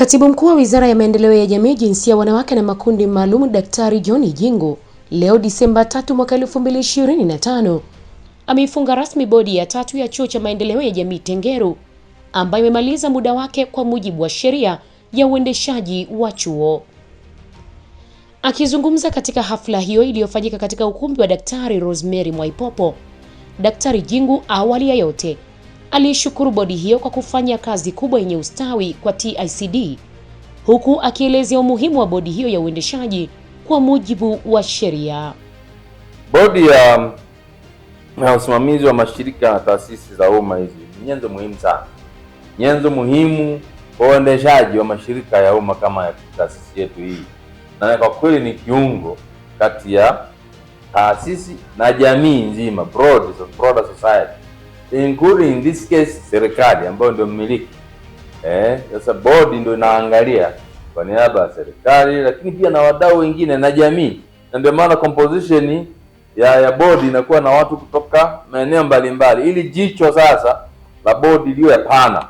Katibu Mkuu wa Wizara ya Maendeleo ya Jamii, Jinsia, Wanawake na Makundi Maalum, Daktari John Jingu, leo Disemba 3 mwaka 2025, ameifunga rasmi Bodi ya Tatu ya Chuo cha Maendeleo ya Jamii Tengeru, ambayo imemaliza muda wake kwa mujibu wa sheria ya uendeshaji wa chuo. Akizungumza katika hafla hiyo iliyofanyika katika ukumbi wa Daktari Rosemary Mwaipopo, Daktari Jingu awali ya yote aliishukuru bodi hiyo kwa kufanya kazi kubwa yenye ustawi kwa TICD huku akielezea umuhimu wa bodi hiyo ya uendeshaji kwa mujibu wa sheria. Bodi ya, usimamizi wa mashirika na taasisi za umma hizi ni nyenzo muhimu sana, nyenzo muhimu kwa uendeshaji wa mashirika ya umma kama ya taasisi yetu hii, na kwa kweli ni kiungo kati ya taasisi na jamii nzima, broad, broader society including in this case serikali ambayo ndio mmiliki. Eh, sasa bodi ndio inaangalia kwa niaba ya serikali, lakini pia na wadau wengine na jamii, na ndio maana composition ya ya bodi inakuwa na watu kutoka maeneo mbalimbali, ili jicho sasa la bodi liwe pana.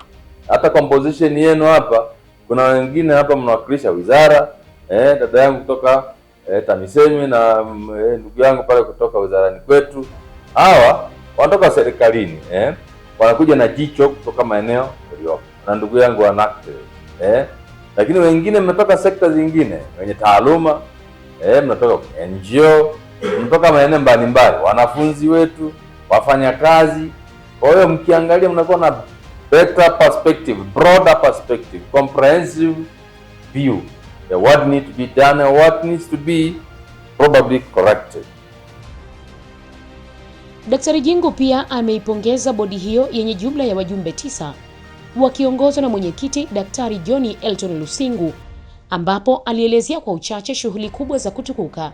Hata composition yenu hapa kuna wengine hapa mnawakilisha wizara eh, dada yangu kutoka eh, TAMISEMI na eh, ndugu yangu pale kutoka wizarani kwetu hawa wanatoka serikalini eh, wanakuja na jicho kutoka maeneo yaliyopo na ndugu yangu wanakte eh, lakini wengine mmetoka sekta zingine wenye taaluma eh, mnatoka NGO mnatoka maeneo mbalimbali, wanafunzi wetu, wafanyakazi. Kwa hiyo mkiangalia, mnakuwa na better perspective, broader perspective, comprehensive view ya what need to be done and what needs to be probably corrected. Daktari Jingu pia ameipongeza bodi hiyo yenye jumla ya wajumbe tisa wakiongozwa na mwenyekiti Daktari John Elton Lusingu, ambapo alielezea kwa uchache shughuli kubwa za kutukuka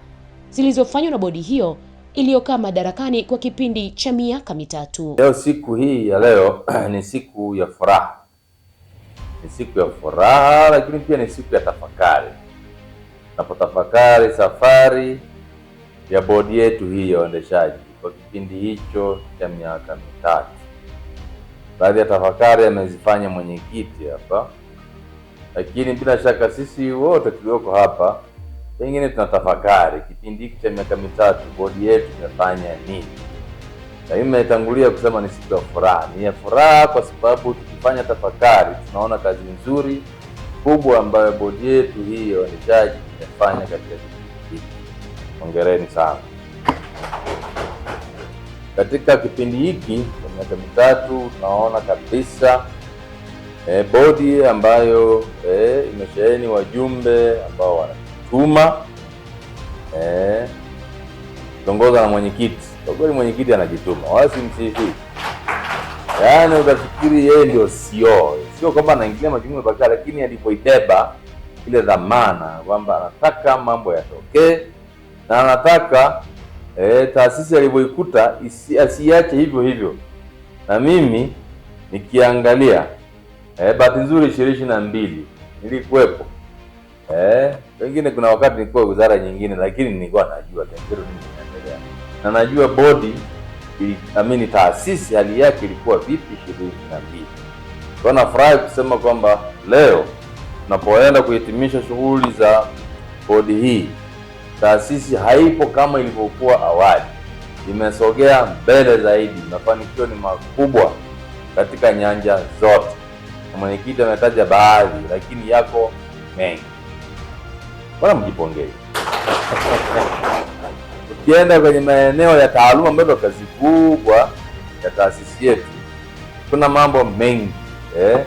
zilizofanywa na bodi hiyo iliyokaa madarakani kwa kipindi cha miaka mitatu. Leo siku hii ya leo ni siku ya furaha, ni siku ya furaha, lakini pia ni siku ya tafakari, napotafakari safari ya bodi yetu hii ya uendeshaji kwa kipindi hicho cha miaka mitatu. Baadhi ya tafakari amezifanya mwenyekiti hapa, lakini bila shaka sisi wote tulioko hapa pengine tuna tafakari kipindi hiki cha miaka mitatu bodi yetu imefanya nini. Lakini naitangulia kusema ni siku ya furaha, ni ya furaha kwa sababu tukifanya tafakari tunaona kazi nzuri kubwa ambayo bodi yetu hii ya uendeshaji imefanya katika kipindi hiki. Hongereni sana. Katika kipindi hiki cha miaka mitatu tunaona kabisa e, bodi ambayo e, imesheheni wajumbe ambao wanatuma e, eh, kiongoza na mwenyekiti. Kwa kweli mwenyekiti anajituma, wasi msifi. Yaani utafikiri yeye ndio sio e sio kwamba anaingilia majukumu pakaa, lakini alipoibeba ile dhamana kwamba anataka mambo yatokee na anataka e, taasisi alivyoikuta asiache hivyo hivyo. Na mimi nikiangalia e, bahati nzuri ishirini na mbili nilikuwepo eh, pengine, e, kuna wakati nilikuwa wizara nyingine, lakini nilikuwa najua kinaendelea na najua bodi amini taasisi hali yake ilikuwa vipi ishirini na mbili. Kwa nafurahi kusema kwamba leo tunapoenda kuhitimisha shughuli za bodi hii Taasisi haipo kama ilivyokuwa awali, imesogea mbele zaidi. Mafanikio ni makubwa katika nyanja zote, na mwenyekiti ametaja baadhi, lakini yako mengi. Bwana, mjipongeze. ukienda kwenye maeneo ya taaluma ambayo kazi kubwa ya taasisi yetu, kuna mambo mengi eh.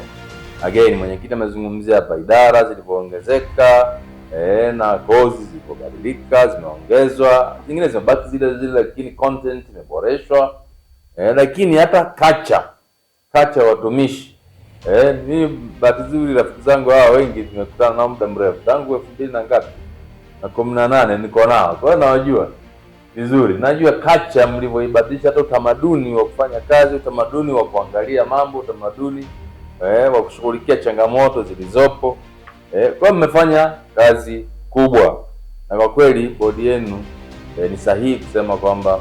Again, mwenyekiti amezungumzia hapa idara zilivyoongezeka e, na kozi zilipobadilika zimeongezwa, zingine zimebaki zile zile, lakini content imeboreshwa e, lakini hata kacha kacha watumishi e, mimi bahati nzuri rafiki zangu hawa wengi tumekutana nao muda mrefu tangu elfu mbili na ngapi na kumi na nane niko nao, kwa hiyo nawajua vizuri, najua kacha mlivyoibadilisha, hata utamaduni wa kufanya kazi, utamaduni wa kuangalia mambo, utamaduni eh, wa kushughulikia changamoto zilizopo. Eh, kwa mmefanya kazi kubwa na kwa kweli bodi yenu eh, ni sahihi kusema kwamba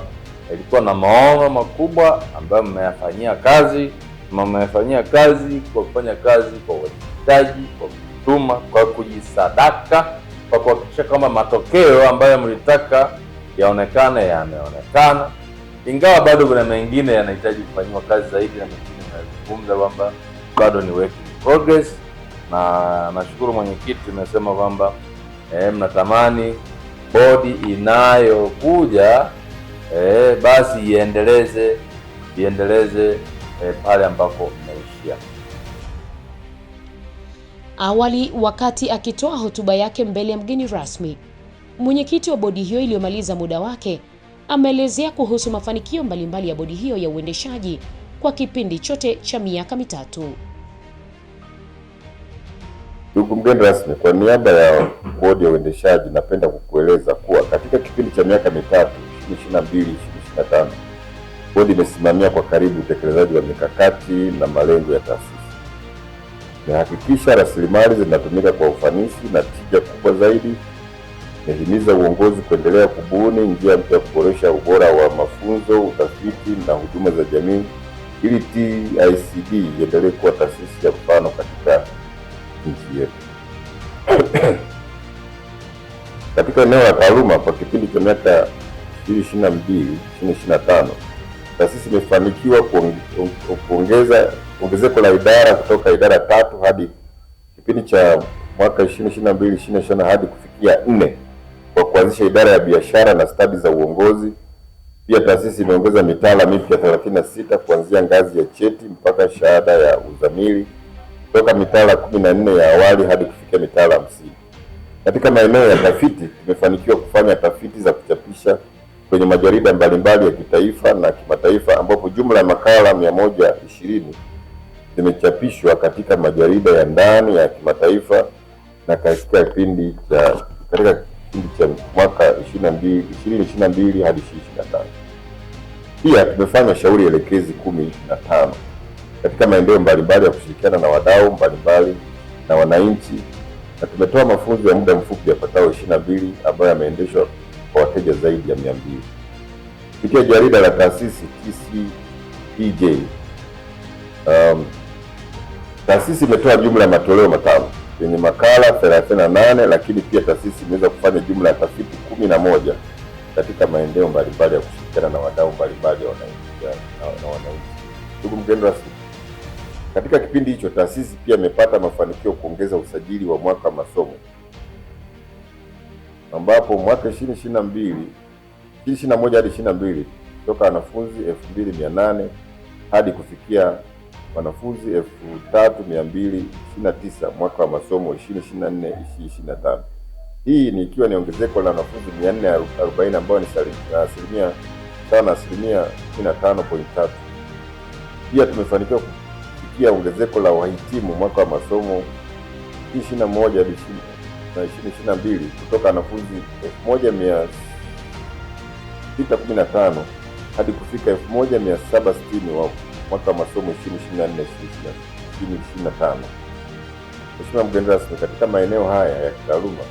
eh, ilikuwa eh, na maono makubwa ambayo mmeyafanyia kazi, mmeyafanyia kazi kwa kufanya kazi kwa uwajibikaji, kwa kujituma, kwa kujisadaka, kwa kuhakikisha kwamba matokeo ambayo mlitaka yaonekane yameonekana, ingawa bado kuna mengine yanahitaji kufanyiwa kazi zaidi na mengine nazungumza kwamba bado ni work in progress na nashukuru mwenyekiti, umesema kwamba eh, mnatamani bodi inayokuja eh, basi iendeleze iendeleze eh, pale ambapo imeishia. Awali wakati akitoa hotuba yake mbele ya mgeni rasmi, mwenyekiti wa bodi hiyo iliyomaliza muda wake ameelezea kuhusu mafanikio mbalimbali ya bodi hiyo ya uendeshaji kwa kipindi chote cha miaka mitatu. Ndugu mgeni rasmi, kwa niaba ya bodi ya uendeshaji napenda kukueleza kuwa katika kipindi cha miaka mitatu 2022-2025 bodi imesimamia kwa karibu utekelezaji wa mikakati na malengo ya taasisi. Imehakikisha rasilimali zinatumika kwa ufanisi na tija kubwa zaidi. Imehimiza uongozi kuendelea kubuni njia mpya ya kuboresha ubora wa mafunzo, utafiti na huduma za jamii ili TICD iendelee kuwa taasisi ya mfano katika nchi yetu. Katika eneo la taaluma kwa kipindi cha miaka 2022 2025 taasisi imefanikiwa kuongeza ongezeko la idara kutoka idara tatu hadi kipindi cha mwaka 2022 2025 hadi kufikia nne kwa kuanzisha idara ya biashara na stadi za uongozi. Pia taasisi imeongeza mitaala mipya 36 kuanzia ngazi ya cheti mpaka shahada ya uzamili toka mitaala kumi na nne ya awali hadi kufikia mitaala hamsini. Katika maeneo ya tafiti tumefanikiwa kufanya tafiti za kuchapisha kwenye majarida mbalimbali ya kitaifa na kimataifa ambapo jumla ya makala mia moja ishirini zimechapishwa katika majarida ya ndani ya kimataifa na katika kipindi cha katika kipindi cha mwaka 2022 2022 hadi 2025. Pia tumefanya shauri elekezi kumi na tano katika maeneo mbalimbali ya kushirikiana na wadau mbalimbali na wananchi, na tumetoa mafunzo ya muda mfupi yapatao ishirini na mbili ambayo yameendeshwa kwa wateja zaidi ya mia mbili kupitia jarida la taasisi TCPJ. Um, taasisi imetoa jumla ya matoleo matano yenye makala 38 lakini pia taasisi imeweza kufanya jumla ya tafiti kumi na moja katika maeneo mbalimbali ya kushirikiana na wadau mbalimbali na wananchi. Ndugu mgeni rasmi katika kipindi hicho taasisi pia imepata mafanikio kuongeza usajili wa mwaka masomo ambapo mwaka 2022 2021 hadi 2022 toka wanafunzi 2800 hadi kufikia wanafunzi 3229 mwaka wa masomo 2024 2025. Hii ni ikiwa ni ongezeko la wanafunzi 440 ambao ni asilimia sawa na asilimia 15.3. Pia tumefanikiwa kufikia ongezeko la wahitimu mwaka wa masomo 2021 hadi 2022 kutoka wanafunzi 1615 hadi kufika 1760 wa mwaka wa masomo 2024/2025. Mheshimiwa mgeni rasmi, katika maeneo haya ya kitaaluma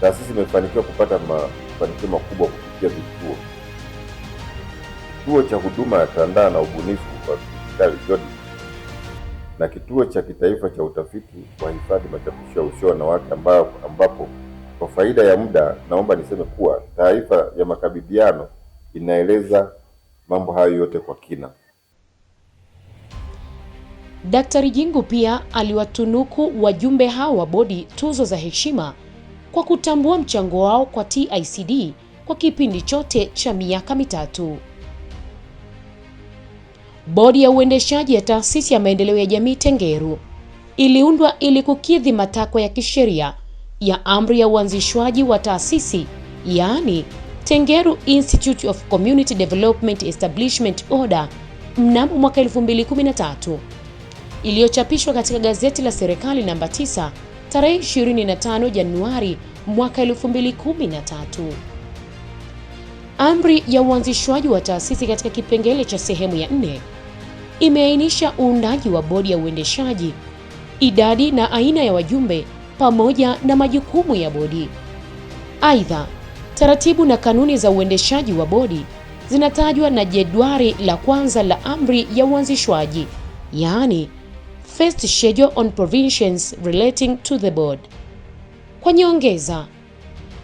taasisi imefanikiwa kupata mafanikio makubwa kupitia vituo Kituo cha Huduma ya Tandaa na Ubunifu wa Kidijitali na Kituo cha Kitaifa cha Utafiti wa Hifadhi, Machapisho ya Usio Wanawake, ambapo kwa faida ya muda naomba niseme kuwa taarifa ya makabidhiano inaeleza mambo hayo yote kwa kina. Daktari Jingu pia aliwatunuku wajumbe hao wa bodi tuzo za heshima kwa kutambua mchango wao kwa TICD kwa kipindi chote cha miaka mitatu. Bodi ya uendeshaji ya taasisi ya maendeleo ya jamii Tengeru iliundwa ili kukidhi matakwa ya kisheria ya amri ya uanzishwaji wa taasisi, yaani Tengeru Institute of Community Development Establishment Order mnamo mwaka 2013 iliyochapishwa katika gazeti la serikali namba 9 tarehe 25 Januari mwaka 2013. Amri ya uanzishwaji wa taasisi katika kipengele cha sehemu ya nne imeainisha uundaji wa bodi ya uendeshaji, idadi na aina ya wajumbe pamoja na majukumu ya bodi. Aidha, taratibu na kanuni za uendeshaji wa bodi zinatajwa na jedwali la kwanza la amri ya uanzishwaji, yaani First Schedule on Provisions Relating to the Board. Kwa nyongeza,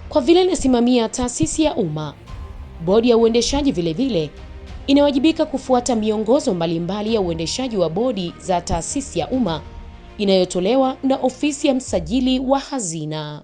kwa vile inasimamia taasisi ya umma, bodi ya uendeshaji vilevile inawajibika kufuata miongozo mbalimbali ya uendeshaji wa bodi za taasisi ya umma inayotolewa na Ofisi ya Msajili wa Hazina.